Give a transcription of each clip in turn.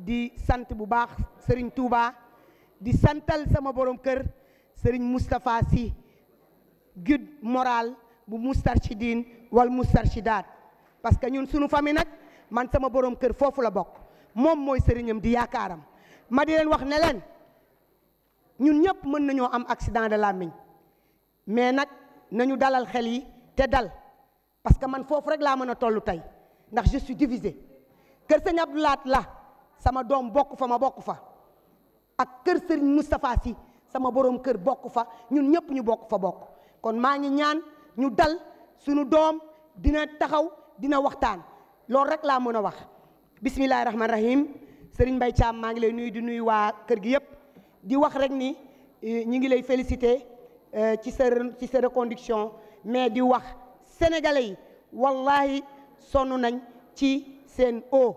di sant bu baax Serigne Touba di santal sama borom kër Serigne Moustapha si guide moral bu Moustarchidine wal Moustarchidaat parce que ñun sunu famille nag man sama borom kër foofu la bokk moom mooy sëriñam di yaakaaram ma di wax ne ñun ñëpp mën nañoo am accident de làmmiñ mais nag nañu dalal xel yi te dal parce que man foofu rek laa mën a toll tey ndax je suis divisé kër sëñ Abdou Lahat la sama dom bokku fa ma bokku fa ak keur Serigne mustapha si sama borom keur bokku fa ñun ñëpp ñu bokku fa bokku kon ma ngi ñaan ñu dal suñu dom dina taxaw dina waxtaan lool rek la mëna wax bismillahi rahim Serigne Mbaye cham ma ngi lay nuyu di nuyu wa keur gi yep di wax rek ni eh, ñi ngi lay féliciter eh, ci sa ci sa reconduction mais di wax sénégalais wallahi sonu nañ ci sen o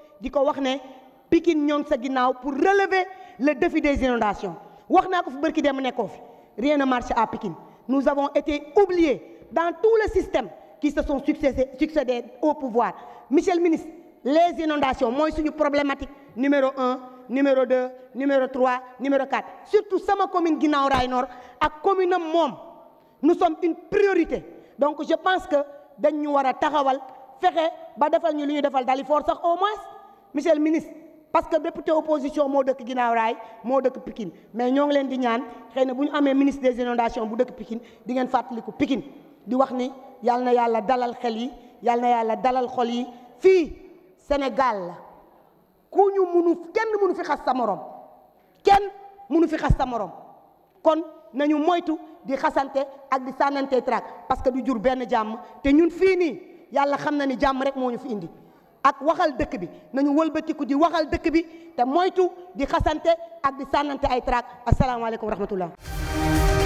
diko waxne Pikine ñong sa pour relever le défi des inondations wax naa ko fait bërki dem fi rien ne marche à Pikine nous avons été oubliés dans tout le système qui se sont succédé au pouvoir monsieur le ministre les inondations moy suñu problématique numéro 1, numéro 2, numéro 3, numéro 4. surtout sama commune ginnaaw Rail Nord ak commune mom nous sommes une priorité donc je pense que dañ ñu wara taxawal fexé ba defal ñu lu defal au moins monsieur le ministre parce que député opposition mo dëkk ginaaw raay mo dëkk Pikine mais ñoo ngi leen di ñaan xëy buñu amé ministre des inondations bu dëkk Pikine di ngeen fatlikou Pikine di wax ni yàlla na dalal xel yi yàlla na dalal xol yi fi Sénégal la ku ñu munu kenn munu fi xass sa morom kenn munu fi xass sa morom kon nañu moytu di xasante ak di sànnante traak parce que du jur ben jàmm te ñun fii nii yàlla xam ni jàmm rek moo ñu fi indi ak waxal dëkk bi nañu wëlbeetiku di waxal dëkk bi te moytu di xassante ak di sànante ay traak asalaamaaleykum wa rahmatullah